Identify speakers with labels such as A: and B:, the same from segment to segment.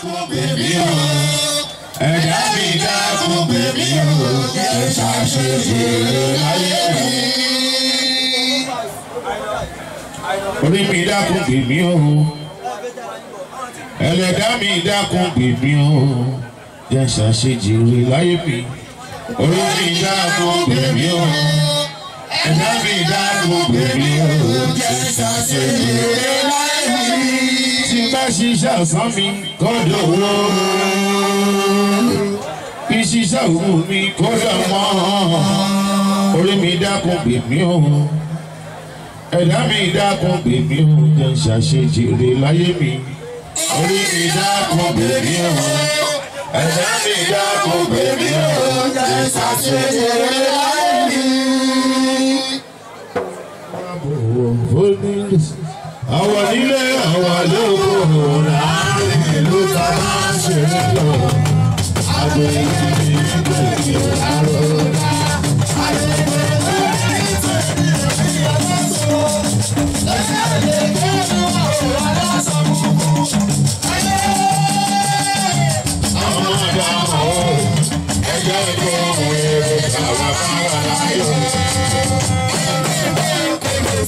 A: fún bèbí o ẹ̀dá mi dá fún bèbí o kẹ́ ẹ ṣàṣeyẹ láyé mi. orí mi dákun bèbí o ẹlẹ́dá mi dákun bèbí o kẹ́ ẹ ṣàṣejẹ láyé mi. orí mi dákun bèbí o ẹ̀dá mi dákun bèbí o kẹ́ ẹ ṣàṣeyẹ láyé mi tí bá ṣiṣẹ́ ọ̀sán mi kọ́dọ̀ wó. Ìṣiṣẹ́ òru mi kọ́dọ̀ mọ́. Orí mi dákun pè mí o. Ẹ̀dá mi dákun pè mí o. Jẹ́ ń ṣàṣejèrè láyé mi. Orí mi dákun pè o. Ẹ̀dá mi dákun pè o. Jẹ́ ń ṣàṣejèrè láyé mi. Oh, oh, oh, àwọn nílé àwọn lóko láàrin ìlú ta bá ṣe lọ àgbẹ̀ yìí kò ní àrò rà àyẹ̀wò lórí ìtẹ̀lé ìyàwó sọ lọ́jà lè kẹ́nu àwọn aláṣọ kúkú. àwọn àgbà ọ̀ ẹgbẹ́ ìgbọ̀n ẹ̀rọ àwọn afárá láyọ̀ lè ni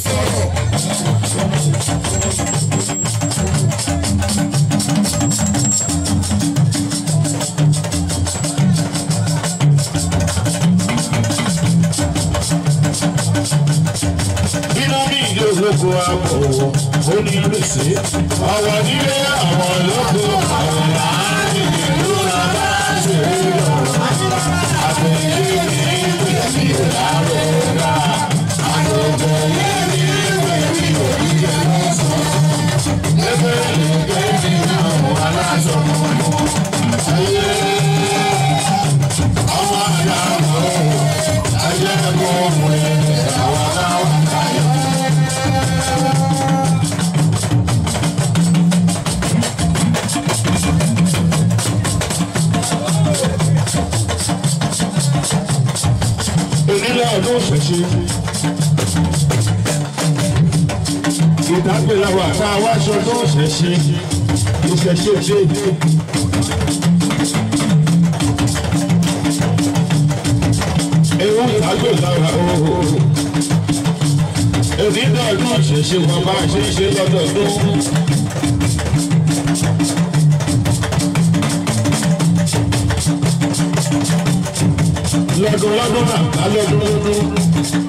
A: inú mi yóò gbogbo àbọ̀wọ̀ ó ní gbèsè àwọn nílé àwọn lóko àwọn láàrin ìlú bàbá àṣírí lọ. pè láwà tá a wá aṣọ tó ṣẹ̀ṣẹ̀ ewu ìtàgbè láwà ooo èmi náà náà ṣẹ̀ṣẹ̀ wọn bá ṣe ṣe lọ́dọọdún. lọ́dún lọ́dún náà lọ́dún lọ́dún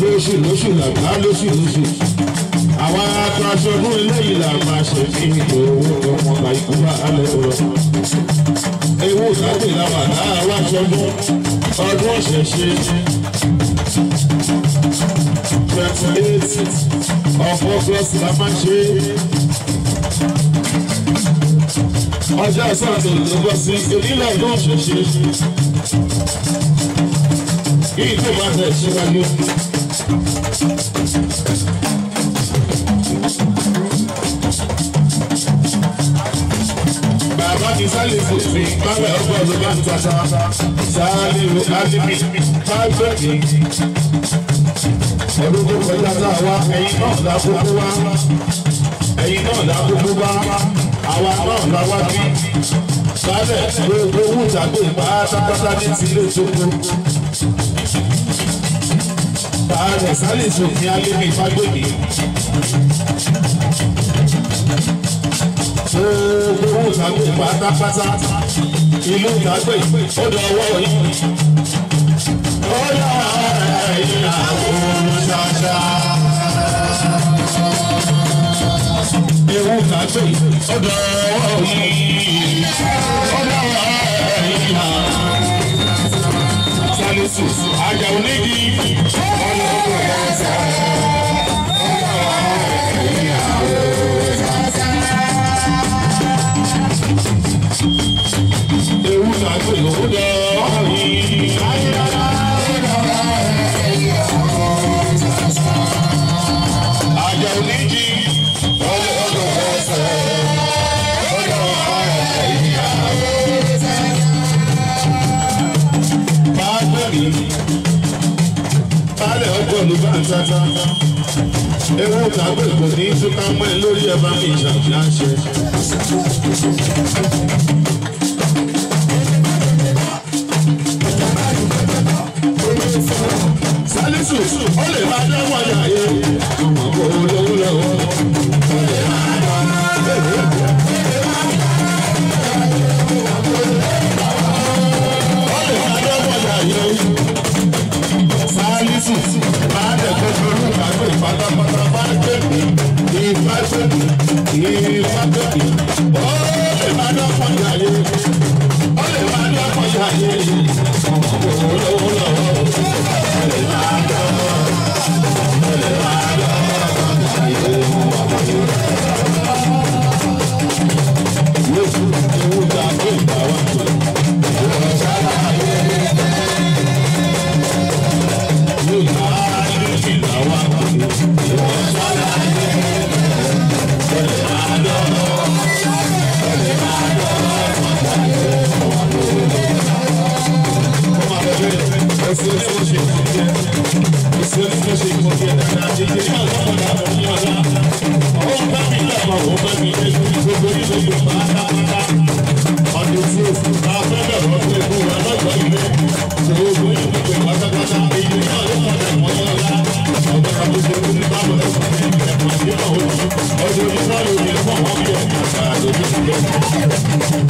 A: fẹ́ oṣù lóṣù làbá lóṣù lóṣù àwa ato aṣọ ọdún eléyìí là máa ṣe fi owó ọmọ àìkú bá alẹ́ ọ̀rọ̀ ewu ìdájọ́ ìlàwà láàárọ̀ aṣọ́dún ọdún ọ̀ṣẹ̀ṣẹ̀ twenty eight of August la máa ṣe ọjọ́ àṣàtò ló bọ́ sí onílà ọdún ọ̀ṣẹ̀ṣẹ̀ kí ìjọba rẹ̀ ṣe wáyé ti sálì fún mi bábẹ̀ ọgbọ́n ló bá ń tọ́ṣọ sáálì ló láti mi bá gbẹ̀dì. ọdún tó kọjá tá a wá ẹ̀yin náà lákòókò wá ẹ̀yin náà lákòókò wá àwa náà láwá bí. bábẹ̀ gbogbo owó tàbí ìpá pátápátá ní tìlé tó kú. Baálẹ̀ Sálísù ní Alébí Fágbèmí. Gbogbo ìtàgbé pátápátá ìlú ìtàgbé ó dọ̀ ọwọ́ yìí. Ewu ìtàgbé ó dọ̀ ọwọ́ yìí. Ó Jésù Àjàó nídìí wọn lọ́wọ́ ẹ̀ sẹ́yìn. Ewu na gbèrò dẹ́. tata ewé ìtàgbé kò ní túká mọ́ ẹ lórí ẹ bá mi ìṣàjáṣe. Salisu ó lè máa dẹ́wọ̀n yàyé àwọn olówó lọ́wọ́. lè máa dọ́kàn yáyé ó lè máa dọ́kàn yáyé ọmọ òun lówó Thank you.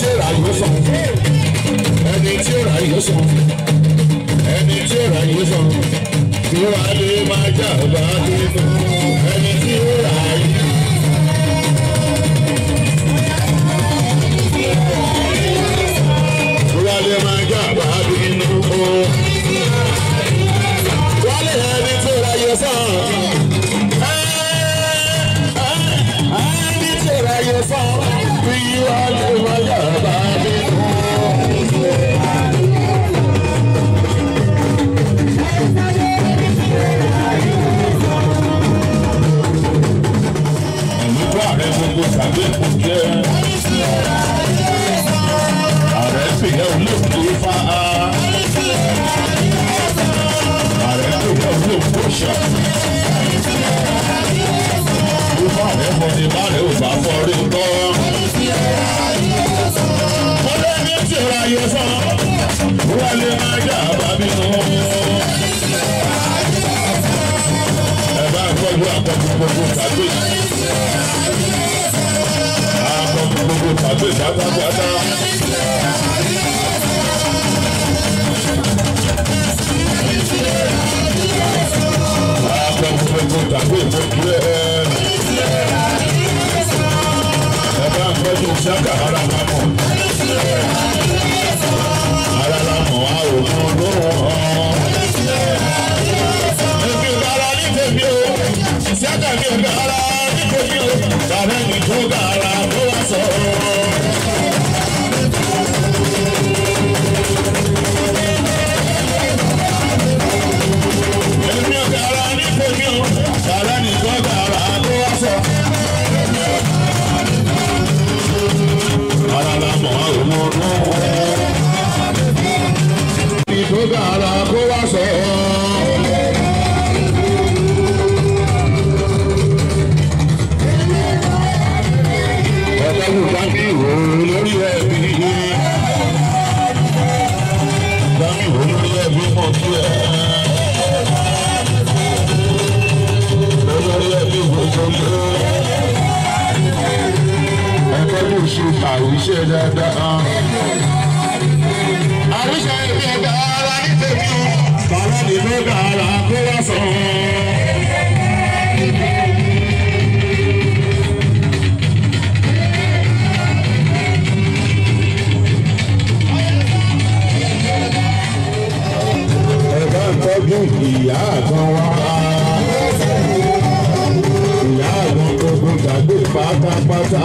A: tí ó rà yóò sọ ẹni tí ó rà yóò sọ ẹni tí ó rà yóò sọ tí ó rà lè máa jà bá nínú ẹni tí ó rà yóò. Wálé máa jà bá nínú o. Wálé ẹni tí ó rà yóò sọ. kàwé kò jẹ́. Ààrẹ fìyà olóògbé fa á. Ààrẹ fìyà olóògbé ṣá. Mo bá rẹ̀ mọ ni bá rẹ̀ ò bá fọ́ rí tọ́. Mo lé ní gbogbo tàbí àmọ́ gbogbo tàbí pátápátá. Àmọ́ gbogbo tàbí gbogbo ẹ̀. Ẹ bá ń gbẹ́jú ṣáka ara wa mọ̀. Ara la mọ̀ àròkàn ló hàn. sẹ́kẹ̀ mi ò dára bí kò ní o tàbí ẹni tó dára tó wá àwíṣe dáadáa. àwíṣe ìgbà ara ní tèmi o bàbá mi ló dára kó wá sọ. ẹ̀ka ń tọ́jú ìyá àtàn wá. Pátá pátá.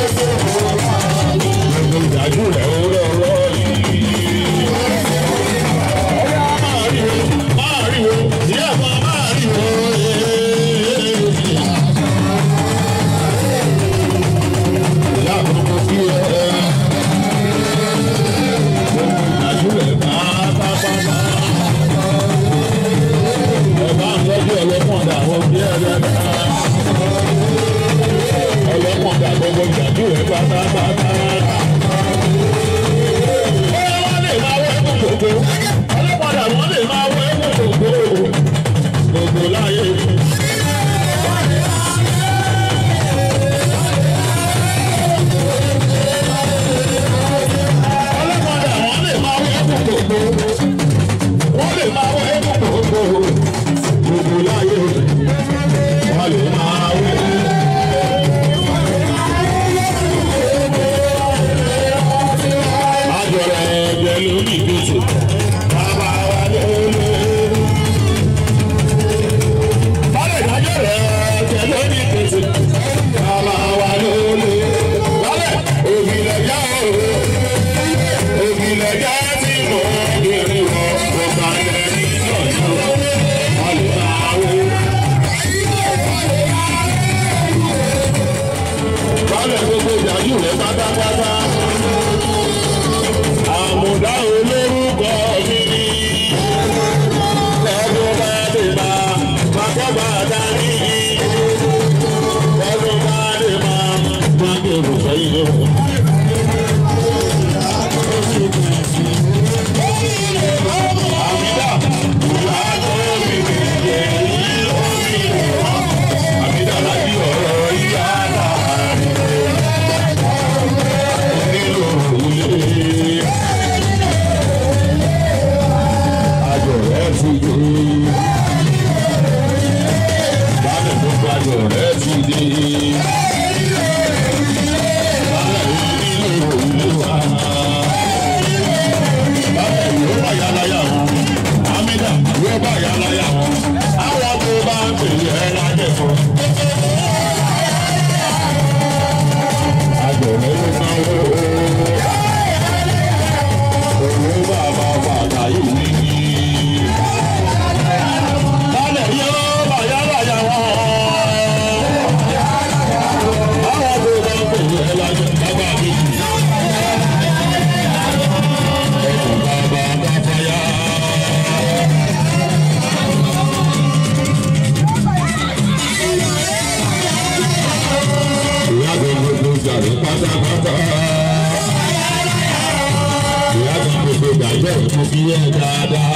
A: ìdájọ́ mo fi yẹ dáadáa.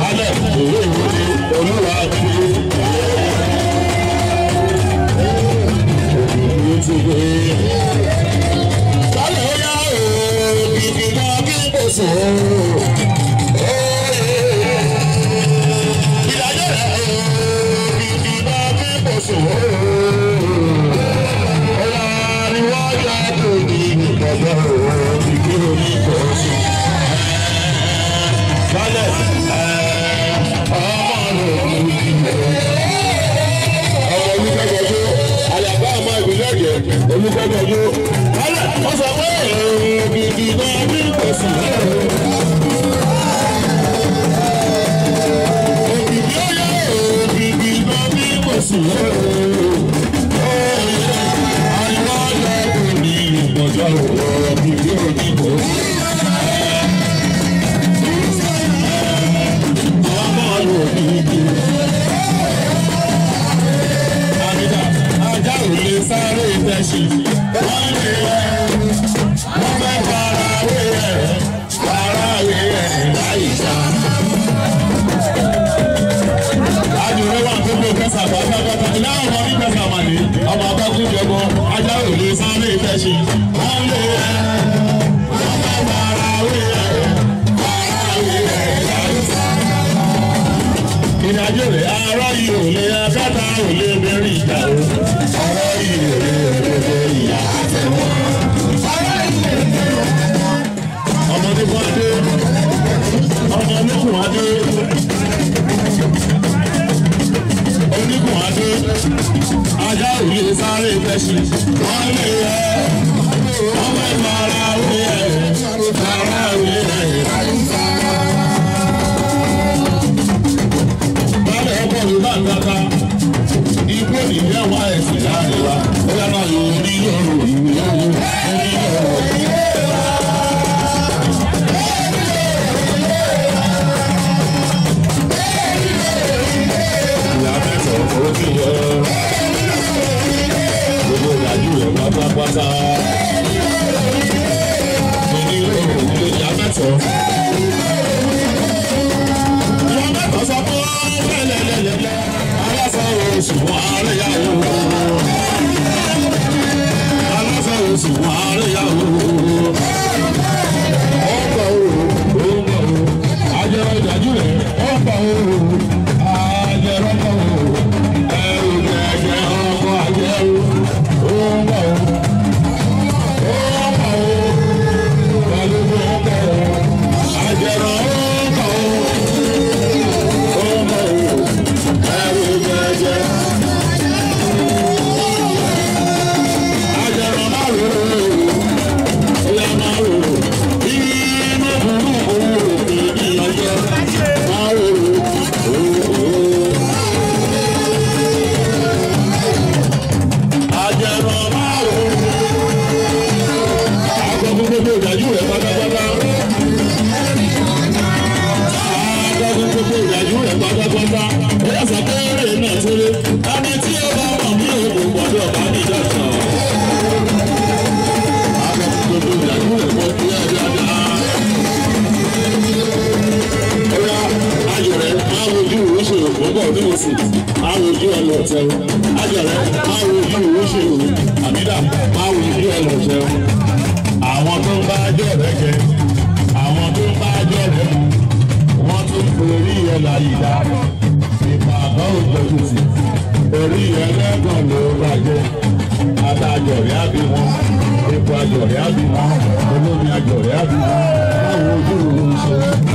A: Bálẹ̀ òwe ìwé olúwa ti òbí ti gbé. Bálẹ̀ ó yá òbí ti gbọ́ kí kò sùn. Oh, pẹ̀lú gbọ́dọ̀ yó. Kálẹ̀ wọ́n sọ pé èèyàn gidi náà ní ìgbésùn náà. Òbìbí ó yẹ èèyàn gidi náà ní ìgbésùn náà. Àìwá lẹ́kùn ní ìgbọ̀jọ́ òbìbí òdìbò. blessing. ṣe o àbídà máa wù kí ẹ lọ jẹun àwọn tó ń bá jọ rẹ jẹ àwọn tó ń bá jọ rẹ mu wọn tún forí ẹ láyé dá ìpàgọ́ òjòjì orí ẹ lẹ́gàn ló bàjẹ́ adájọ̀rẹ́ àbí wọn epo àjọ̀rẹ́ àbí wọn olómi àjọ̀rẹ́ àbí wọn báwo ojú òun ṣe.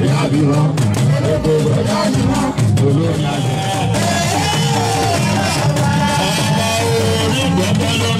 A: olórí àbí wọn olóko bọ̀dá ni wọn olórí àbí. ọba orí gbọ́dọ̀ lórí.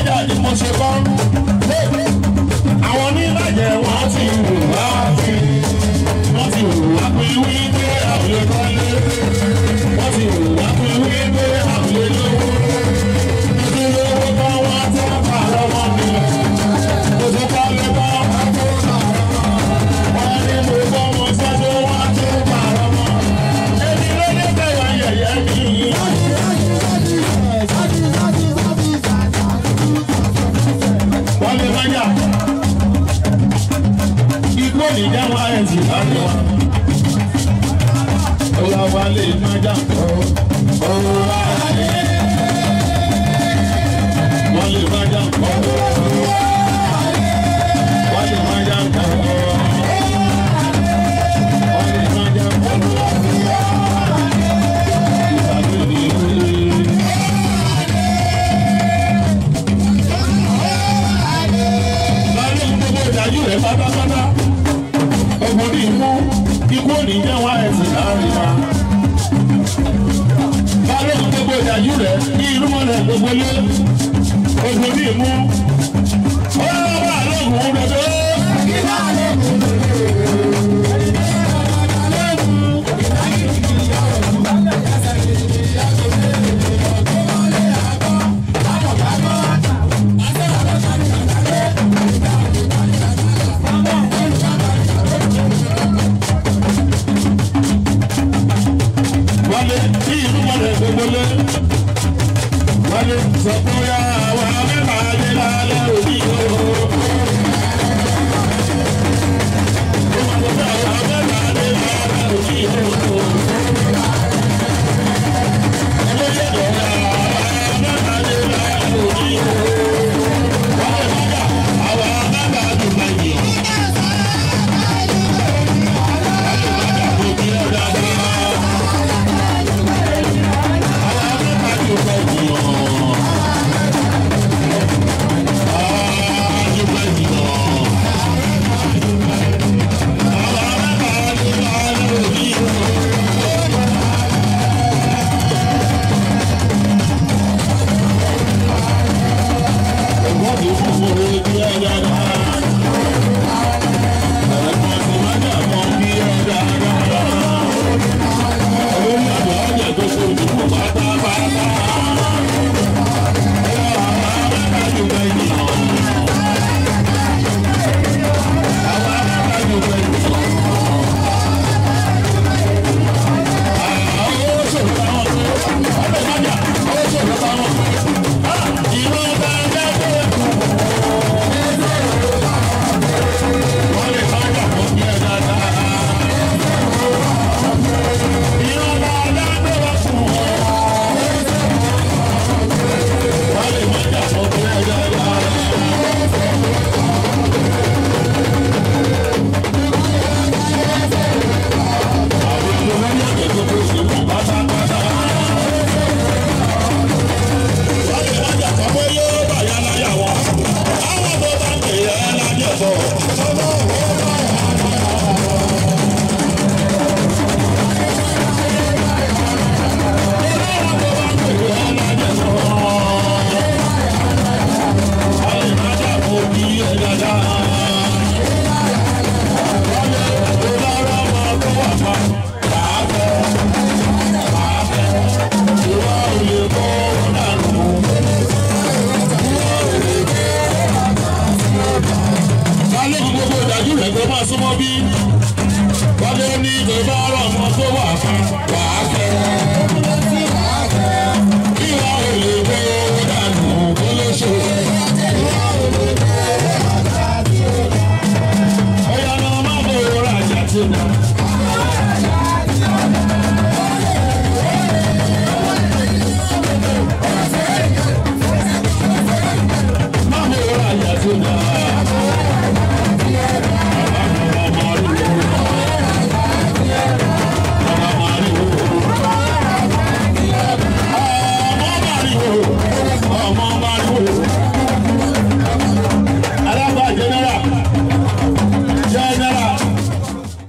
A: alájà ni mo ṣe kọ́.